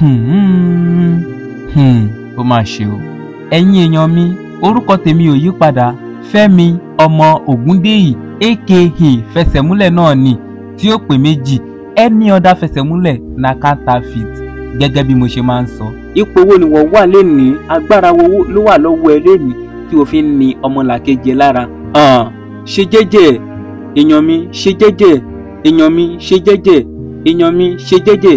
um ó mà ṣe o ẹ̀yin èèyàn mi orúkọ tèmi ò yípadà padà fẹ́mi ọmọ ògúndèyí aka fẹsẹ̀múlẹ̀ náà ni tí ó pè méjì any other fẹsẹ̀múlẹ̀ na counterfeit gẹ́gẹ́ bí mo ṣe máa ń sọ. ipò owó ni wọ́n wà lénìí agbára wo ló wà lọ́wọ́ ẹ lénìí tí o fi ń ni ọmọlàkejì lára. ṣe jẹ́jẹ́ èèyàn mi ṣe jẹ́jẹ́ èèyàn mi ṣe jẹ́jẹ́ èèyàn mi ṣe jẹ́jẹ́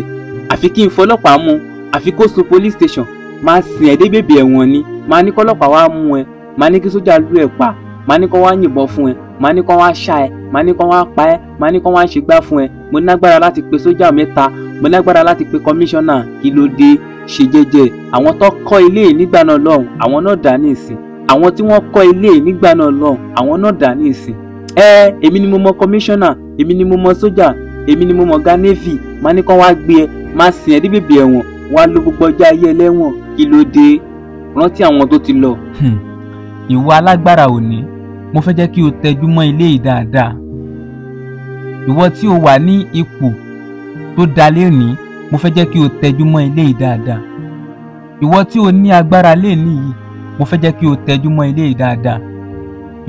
àfi kí n fọlọ́pàá mú àfi kó so police station máa sìn ẹ́ dé bèbè ẹ̀wọ̀n ni máa ní kọ́lọ́pàá wá mú ẹ máa ní kí sójà lù ẹ́ pa máa ní kó wá yìnbọn fún ẹ máa ní kó wá ṣá ẹ máa ní kó wá pa ẹ máa ní kó wá ṣègbà fún ẹ mo nágbára láti pe sójà mẹ́ta mo lágbára láti pe kọmíṣánná kí ló dé ṣe jẹ́jẹ́ àwọn tó kọ́ ilé nígbà náà lọ́hùn àwọn náà dá ní ìsìn àwọn tí wọ́n kọ́ ilé nígbà náà lọ́hùn àwọn náà dá ní ìsìn ẹ èmi ni mo mọ kọmíṣánná èmi ni mo mọ sójà èmi ni mo mọ ga navy máa ní kó wá gbé ẹ máa sìn ẹ́ díbèbè ẹ̀wọ̀n wá ló gbogbo ọjọ́ ayé ẹlẹ́wọ̀n kí ló dé rántí àwọn tó ti lọ. Hmm. ìwọ alágbára òní mo fẹ́ jẹ́ kí o tẹjú mọ́ ilé yìí dáadáa ìwọ tí o wà ní ipò tó da lẹ́nìí mo fẹ́ jẹ́ kí o tẹjú mọ́ ilé yìí dáadáa ìwọ tí o ní agbára lẹ́nìí yìí mo fẹ́ jẹ́ kí o tẹjú mọ́ ilé yìí dáadáa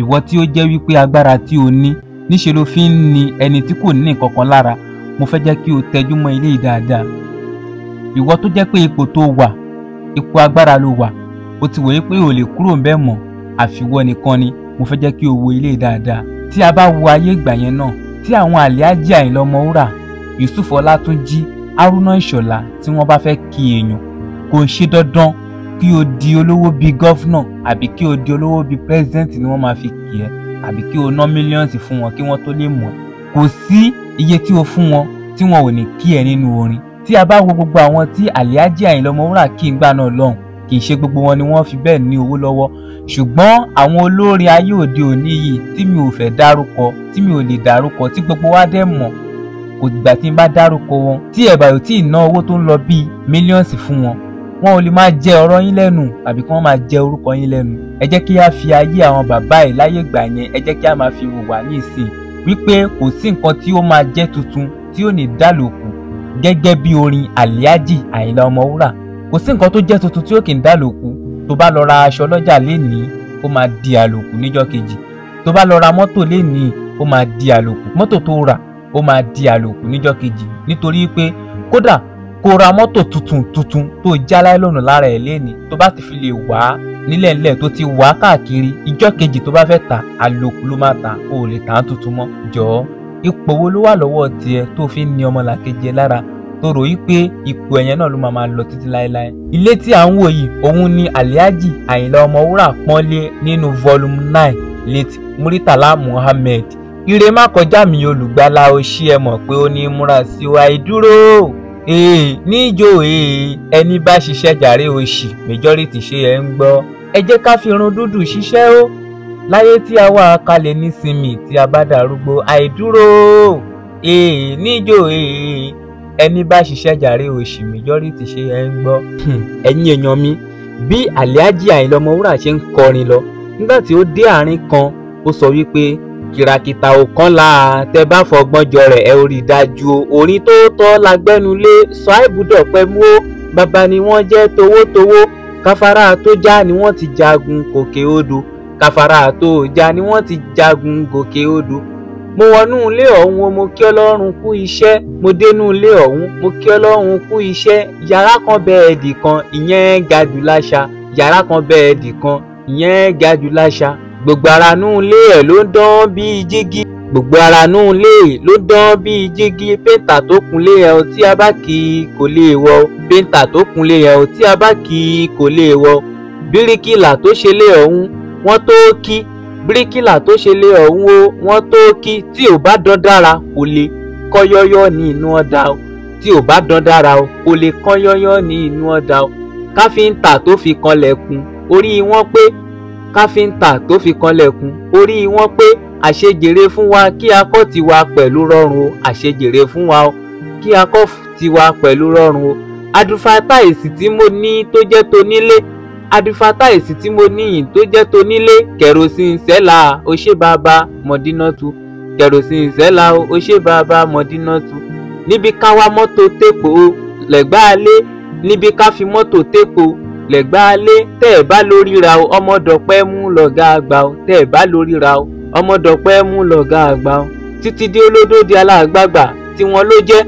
ìwọ tí ó jẹ́ wípé agbára tí o ní níṣe ló fi ń ni ẹni tí kò ní nǹkan kan lára mo fẹ́ jẹ́ kí o tẹjú mọ́ ilé yìí dáadáa ìwọ tó jẹ́ pé ipò tó wà ipò agbára ló wà o ti wòye pé o lè kúrò ń bẹ́ẹ̀ mọ́ àfiwọ́ nìkan ni mo fẹ́ jẹ́ kí o wo ilé yìí dáadáa tí a bá wo ayé ìgbà yẹn náà tí àwọn Alhaji Àyìnlá Ọmọwúrà Yusuf Ọlátúnjí Haruna Ìṣọ̀lá tí wọ́n bá fẹ́ kí èèyàn kò ń ṣe dandan kí o di olówó bíi gọ́fúnà àbí kí o di olówó bíi pírẹ́sidẹ́ǹtì ni wọ́n máa fi kì ẹ́ àbí kí o ná mílíọ̀nsì fún wọn kí wọ́n tó lè mọ̀ ẹ́ kò sí iye tí o fún wọn tí wọn ò ní kí ẹ nínú orin tí a bá wo gbogbo àwọn tí Alhaji Àyìnlá Ọmọwúrà kí n gbà náà lọ́hùn kì í ṣe gbogbo wọn ni wọ́n fi bẹ́ẹ̀ ní owó lọ́wọ́ ṣùgbọ́n àwọn olórin ayé òde òní yìí tí mi ò fẹ́ dárúkọ tí mi ò lè dárúkọ tí gbogbo wa dẹ̀ mọ̀ kò dìgbà tí n bá dárúkọ wọn tí ẹ̀ bá yóò tí ì ná owó tó ń lọ bíi mílíọ̀nsì fún wọn wọn ò lè máa jẹ ọ̀rọ̀ yín lẹ́nu àbí kí wọ́n máa jẹ orúkọ yín lẹ́nu ẹ jẹ́ kí a fi ayé àwọn bàbá ẹ̀ láyé gbà yẹn ẹ jẹ́ kí a máa fi wò wá ní ìsìn wípé kò sí nǹkan tí ó máa jẹ́ tuntun tí ò ní dàlòkù gẹ́gẹ́ bí orin Alhaji Àyìnlá Ọmọwúrà kò sí nǹkan tó jẹ́ tuntun tí ò kì í dàlòkù tó bá lọ ra aṣọ lọ́jà lénìí ó máa di àlòkù níjọ́ kejì tó bá lọ ra mọ́tò lénìí ó máa di àlòkù mọ́tò tó rà ó máa di àlòkù níjọ́ kejì nítorí pé kódà kó ra mọ́tò tuntun tuntun tó já láìlọ́nà lára ẹ̀ lénìí tó bá ti fi lè wá nílẹ̀ nílẹ̀ tó ti wà káàkiri ìjọ́ kejì tó bá fẹ́ ta àlòkù ló máa ta o ò lè tà á tuntun mọ́ jọ̀ọ́ ipò wo ló wà lọ́wọ́ tiẹ̀ tó fi ń ni ọmọlàkejì ẹ lára tó rò wípé ipò ẹ̀yẹn náà ló máa lọ títí láéláé. ilé tí à ń wò yìí òun ni aliaji àyìnlá ọmọwúrà pọ́nlé nínú volume nine late muritala muhammed. ire má kọjá mi olùgbàlà o ṣí ẹ mọ̀ pé ó ní múra sí wa ìdúró níjó ẹni bá ṣiṣẹ́ jàre òṣì majority ṣe ẹ ń gbọ́ ẹ jẹ́ ká fi irun dúdú ṣiṣẹ́ o láyé tí a wà ká lè nísinmi tí a bá darúgbó àìdúró èè níjó èè e. ẹni bá ṣiṣẹ́ jàre òṣì mìjọ́rí ti ṣe ẹ ń gbọ́. Hmm. ẹ̀yin èèyàn mi bí Alhaji Àyìnlá Ọmọwúrà ṣe ń kọrin lọ nígbà tí ó dé àárín kan ó sọ wípé kìràkìtà ò kán la tẹ bá fọgbọ́n rẹ̀ ẹ ò rí orin tó tọ́ la gbẹ́nu lé mú ó bàbá ni wọ́n jẹ́ towótowó Kafara tó já ni wọ́n ti jagun gòkè odò kàfàrà tó já ni wọ́n ti jagun gòkè odò mo wọnú ilé ọ̀hún o mo kí ọlọ́run kú iṣẹ́ mo dénú ilé ọ̀hún mo kí ọlọ́run kú iṣẹ́ yàrá kan bẹ́ẹ̀dì kan ìyẹn ga jù láṣà yàrá kan bẹ́ẹ̀dì kan ìyẹn ga jù láṣà gbogbo ara nú ilé ẹ̀ ló ń dán bíi jígí gbogbo ara inú ilé ló dán bíi jígí péńtà tó kunlé ẹ̀ tí a bá kì í kò lè wọ péńtà tó kunlé ẹ̀ tí a bá kì í kò lè wọ bíríkìlà tó ṣe lé ọ̀hún wọ́n tó kí bíríkìlà tó ṣe lé ọ̀hún o wọ́n tó kí tí ò bá dán dára kò lè kọ́ yọ́yọ́ ní inú ọ̀dà o tí ò bá dán dára o kò lè kọ́ ní inú ọ̀dà o káfíńtà tó fi kanlẹ̀kùn orí wọn pé káfíńtà tó fi kanlẹ̀kùn orí wọn pé àṣejèrè fún wa kí a kọ́ tiwa pẹ̀lú rọrùn o àṣejèrè fún wa kí a kọ́ tiwa pẹ̀lú rọrùn o adúfatáìsì tí mo ní tó jẹ́ tonílé adúfatáìsì tí mo níyìn tó jẹ́ tonílé kẹrosin sẹ́la ó ṣe bàbá mọ̀dínàtú kẹrosin sẹ́la ó ṣe bàbá mọ̀dínàtú níbi ká wá mọ́tò tèpò lẹ́gbàálé níbi ká fi mọ́tò tèpò lẹ́gbàálé tẹ́ ẹ̀ bá lórí ra ọmọdọ̀pẹ́ mú lọ́gàá àgbà tẹ́ ẹ̀ bá lórí ra o ọmọdọ̀pẹ́ mú lọ̀gá àgbà o títí dé olódóde aláàgbàgbà tí wọ́n ló jẹ́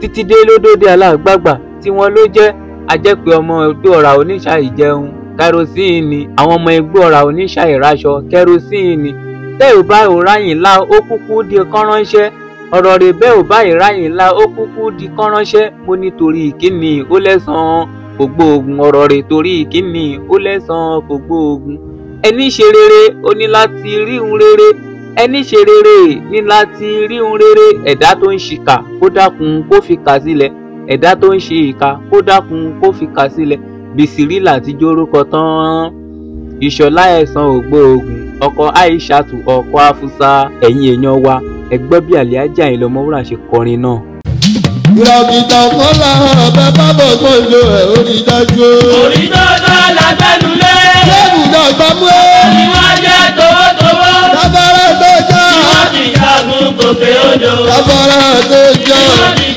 títí dé olódóde aláàgbàgbà tí wọ́n ló jẹ́ ajẹ́pé ọmọ ẹgbẹ́ ọ̀rà oníṣà ìjẹun kẹrosíìnì àwọn ọmọ ẹgbẹ́ ọ̀rà oníṣà ìraṣọ kẹrosíìnì bẹ́ẹ̀ ò bá ìráyìn ńlá ó kúkú di kọ́ránṣẹ́ ọ̀rọ̀ rẹ̀ bẹ́ẹ̀ ò bá ìráyìn ńlá ó kúkú di kọ́ránṣẹ́ mo ní torí ìkíni ó lẹ́sàn-án kò ọ̀rọ̀ rẹ̀ torí ìkíni ó lẹ́sàn-án kò gbóògùn ẹni ṣe rere ó ní láti rí un rere ẹni ṣe rere ní láti rí un rere ẹ̀dá tó ń ṣìkà kó dákun kó fi kà sílẹ̀ ẹ̀dá tó ń ṣe ìka kó dákun kó fi kà sílẹ̀ bìsìrìlà ti jórúkọ tán ìṣọ̀lá ẹ̀sán ògbóògùn ọkọ aishatu ọkọ afusa ẹ̀yin èèyàn wa ẹgbẹ́ bí àlíájà yìí lọ́mọ́wúrà ṣe kọrin náà. ìrọ̀kìtà kọ́lá ọ̀rọ̀ bẹ́ẹ̀ tó ń lo ẹ̀ orí dájú. orí tó dá lábẹ́nu ọgbà mú ẹ. ìwọ jẹ́ tòótòó. lábára tó jọ. ìwọ ti jagun gòkè odò. lábára tó jọ. ìwọ ti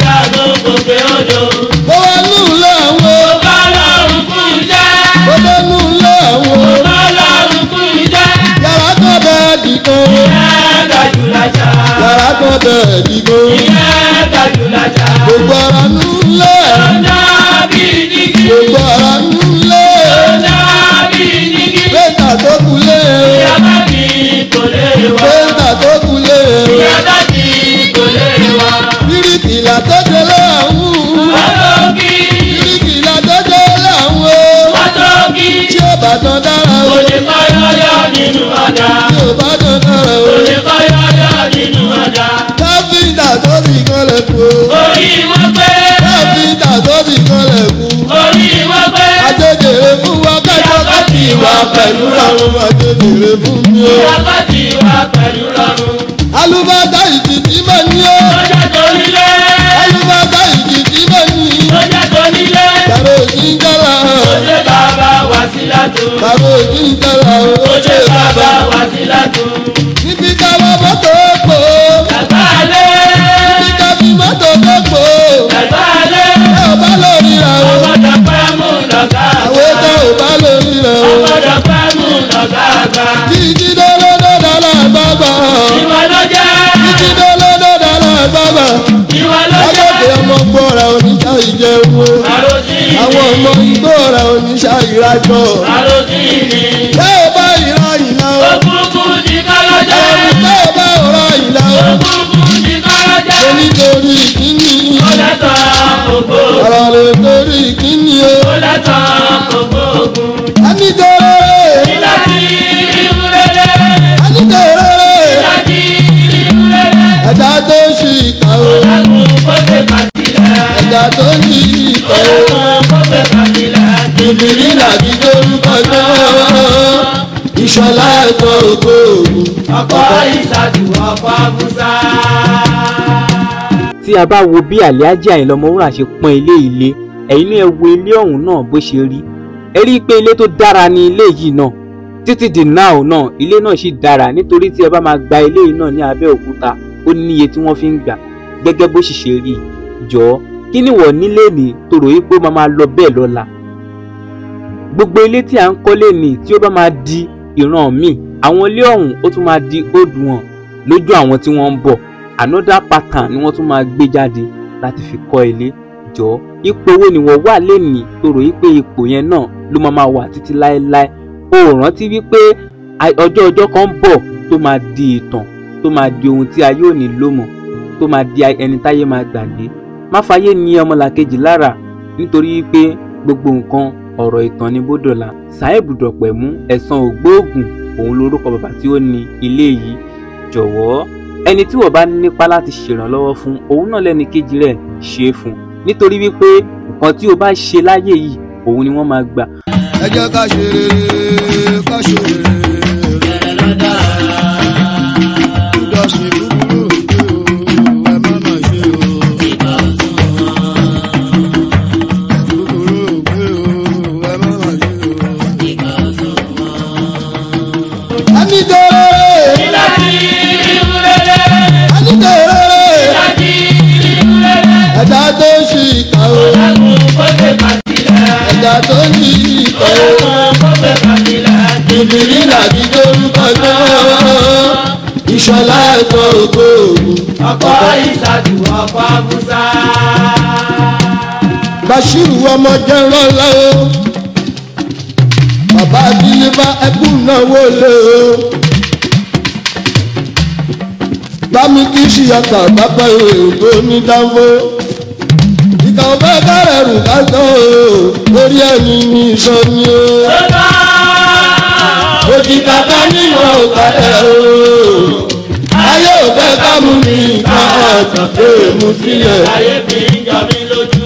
ọjà. Bí o bá dán nára o. Olùkọ́ yọ̀yọ̀ nínú ọjà. Káfíńtà tó fi kan lẹ̀kùn o. Orí wọn pé. Káfíńtà tó fi kan lẹ̀kùn. Orí wọn pé. Ajẹ́jẹ̀rẹ̀ fún wa kẹ́kọ̀ọ́ kọ́tì wa pẹ̀lú rọrùn. Ajẹ́jẹ̀rẹ̀ fún mi o. Ìyá kọ́tì wa pẹ̀lú rọrùn. Alúbàdà ìdìtì máa ní o. Bàbá òjì ń tọrọ o. Ó ṣe bàbá wá sí àjọ. Àlòjì ni. Bẹ́ẹ̀ o bá ìran ìlà o. Òkùnkùn ní kọ́lọ́jà. Ẹ̀rù bẹ́ẹ̀ o bá ọ̀rọ̀ ìlà o. Òkùnkùn ní kọ́lọ́jà. Ó nítorí ìkíni. Ó lẹ́tọ̀ ògbó. Ọ̀rọ̀ lè torí ìkíni o. Ó lẹ́tọ̀ ògbó ògùn. A ní tẹ̀rẹ̀. Ìlà ti ìmúrẹ́lẹ̀. A ní tẹ̀rẹ̀. Ìlà ti ìmúrẹ́lẹ̀. Ẹ̀dá tó ṣì kà o. Ọ̀làkùn kó ṣe pàtìlẹ̀. Ẹ̀dá tó ṣì kà o. ṣọlá ẹ̀tọ́ ògbó òun. ọkọ ìṣàjù ọkọ amúsá. tí a bá wo bí àlíájì àìlọmọwúrà ṣe pọ́n ilé ilé ẹ̀yin náà ẹ wo ilé ọ̀hún náà bó ṣe rí ẹ rí i pé ilé tó dára ni ilé yìí náà títí di now náà ilé náà sì dára nítorí tí ẹ bá máa gba ilé yìí náà ní Abẹ́òkúta ó níye tí wọ́n fi ń gbà gẹ́gẹ́ bó sì ṣe rí i jọ̀ọ́ kí ni wọ̀ nílé ní tòrò yìí pé ó máa lọ bẹ́ẹ̀ lọ́la gbogbo ilé tí à ń kọ́lé ní tí ó bá máa di ìran míì àwọn ilé ọ̀hún ó tún máa di òdùwọ̀n lójú àwọn tí wọ́n ń bọ̀ another pattern ni wọ́n tún máa gbé jáde láti fi kọ́ ilé jọ ipò owó ni wọ́n wà lẹ́nìí tó rò wípé ipò yẹn náà ló máa máa wà títí láéláé o rántí wípé ọjọ́ ọjọ́ kan ń bọ̀ tó máa di ìtàn tó máa di ohun tí ayé ò ní lò mọ́ tó máa di ẹni táyé máa gbàgbé má fàyè ní ọmọlàkejì lára nítorí wípé gbogbo nǹkan ọ̀rọ̀ ìtàn ní bódòlà Saheeb Dọ̀pẹ̀mú ẹ̀san ògbóògùn òun lorúkọ bàbá tí ó ní ilé yìí jọ̀wọ́ ẹni tí wọ́n bá nípa láti ṣèrànlọ́wọ́ fún òun náà lẹ́ni kejì rẹ̀ ṣe fún nítorí wípé nǹkan tí o bá ṣe láyé yìí òun ni wọ́n máa gbà. ẹ jẹ́ ká ṣe rere ká ṣe rere. ìṣàjù ọkọ Musa. Bashiru ọmọ jẹ́ rọ́lá o bàbá abílíbá ẹkú náwó lé o bámi kì í ṣìyàtà bàbá èrò ní dánwó ìkà ọ̀bẹ kárẹ̀ rù kájọ o lórí ẹ̀yìn ní iṣan ni o. òjì kàkà nínú ọ̀gá ẹ̀ o mú mi bá àtàkùn èèmù sílẹ̀. ayé fi ń jọ mí lójú.